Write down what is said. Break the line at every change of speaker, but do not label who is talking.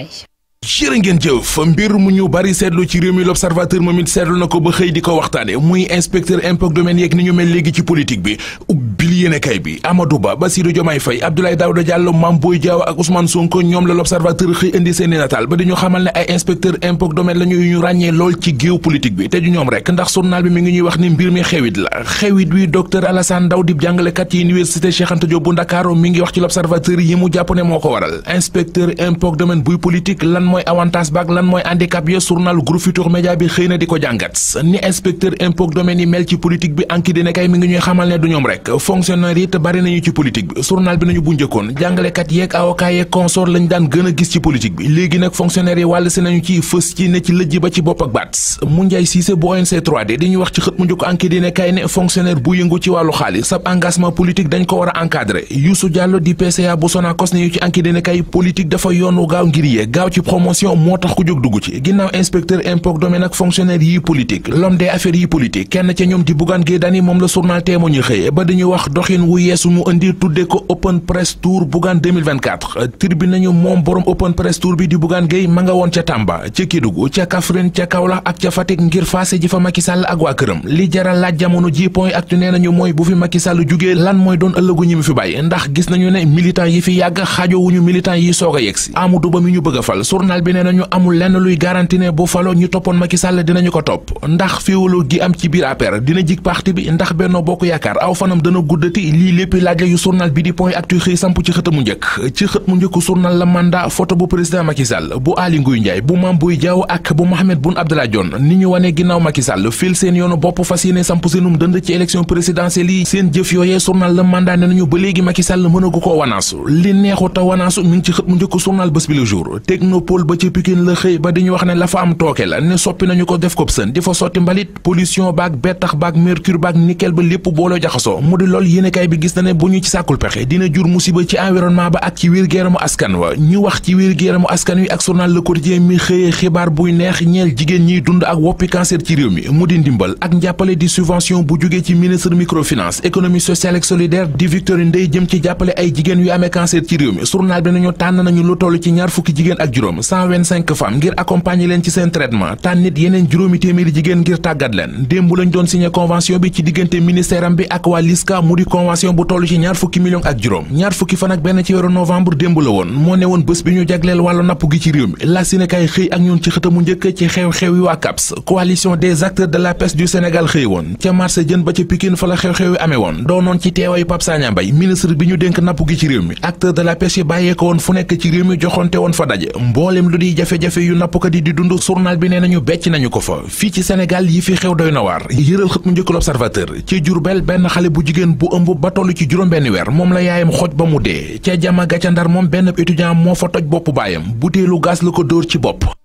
Ndiaye. jërë ngeen jëf mbir mu ñu bari seetlu ci réew mi l'observateur moom it seetlu na ko ba xëy di ko waxtaane muy inspecteur impôts domaines yeeg ni ñu mel léegi ci politique bi yéenekaay bi Amadou Ba Bassirou Diomaye Faye Abdoulaye Daouda Diallo Mame Boye Diao ak Ousmane Sonko ñoom la l'Observateur xëy indi seeni nataal ba di ñu xamal ne ay inspecteur impôt domaine la ñu ñu ràññee lool ci géopolitique bi te du ñoom rek ndax journal bi mi ngi ñuy wax ni mbir mi xewit la xewit wi docteur Alassane Ndaw di jàngalekat ci université Cheikh Anta Diop bu Ndakaaru mi ngi wax ci l'Observateur yi mu jàpp ne moo ko waral inspecteur impôt domaine buy politique lan mooy avantage baak lan mooy handicap ya journal Groupe Futurs Médias bi xëy na di ko jàngat ni inspecteur impôt domaine yi mel ci politique bi anki dina kay mi ngi ñuy xamal ne du ñoom rek fonction fonctionnaire yi te bari nañu ci politique bi journal bi nañu bu njëkkoon jàngalekat yeeg avocat consort lañ daan gën a gis ci politique bi léegi nag fonctionnaire yi wàll si nañu ci fës ci ne ci lëjj ba ci bopp ak mu njaay siise bu ONC 3D dañuy wax ci xët mu njëkk enquête kay ne fonctionnaire bu yëngu ci wàllu xaalis sab engagement politique dañ ko war a encadré Youssou di PCA bu Sonacos nañu ci enquête kay politique dafa yoonu gaaw doxin wu yeesu mu indi tudde ko open press tour Bougane 2024 tribune nañu moom borom open press tour bi di Bougane Gueye ma nga woon ca Tamba ca Kédougou ca Kaffrine ca Kaolack ak ca Fatick ngir faase ji fa Macky Sall ak waa këram li jaral laaj jamono ji point actu nee nañu mooy bu fi Macky Sall jugee lan mooy doon ëllëgu mu fi bàyyi ndax gis nañu ne militant yi fi yàgg xaajowuñu militant yi soog a yegsi Amadou Ba mi ñu bëgg fal journal bi nee nañu amul lenn luy garanti ko topp ndax féewaloo gi am ci biir dëgërati lii lépp laaj la yu journal bi di point actu xëy samp ci xët mu ci xët mu njëkk la mandat photo bu président Macky bu Aly Ngouille Ndiaye bu Mame Boye Diao ak bu Mahammed Boun Abdallah Dionne ni ñu wane ginnaaw Macky fil seen yoonu bopp fas yéene samp seenum dënd ci élection présidentielle yi seen jëf yooyee journal la mandat ne nañu ba léegi Macky Sall mënagu koo wanaasu li neexu te wanaasu mi ngi ci xët mu njëkk bés bi le jour technopole ba ci ba di ñu ko def ko yéenekaay bi gis na ne bu ñu ci sàkkul pexe dina jur musiba ci environnement ba ak ci wér géeramu askan wa ñu wax ci wér géeramu askan wi ak journal Le Quotidien mi xëyee xibaar buy neex ñeel jigéen ñiy dund ak woppi cancer ci réew mi mu di ndimbal ak njàppale di subvention bu jógee ci ministre microfinance économie sociale et solidaire di Victorine Ndeye jëm ci jàppale ay jigéen yu amee cancer ci réew mi journal bi nañu tànn nañu lu toll ci ñaar fukki jigéen ak juróom 125 femmes ngir accompagner leen ci tànnit yeneen juróomi téeméeri jigéen ngir tàggat leen démb lañ doon signé convention bi ci diggante ministère bi ak di convention bu toll ci ñaar fukki millions ak juróom ñaar fukki fan ak benn ci weeru novembre démb la woon moo ne woon bés bi ñu jagleel wàllu napp gi ci réew mi la sinekaay xëy ak ñun ci xëtamu njëkk ci xew-xew yi waa CAPS coalition des acteurs de la pêche du Sénégal xëy woon ca marché jën ba ca Pikine fa la xew-xew yi amee woon doonoon ci teewaayu Pape ministre bi ñu dénk napp gi ci réew mi acteur de la pêche yi bàyyee ko woon fu nekk ci réew mi joxonte woon bi nee ëmb ba toll ci juróom-benn weer moom la yaayam xoj ba mu dee ca jamaga ca ndar moom benn étudiant moo fa toj bopp baayam butéelu gaz la ko dóor ci bopp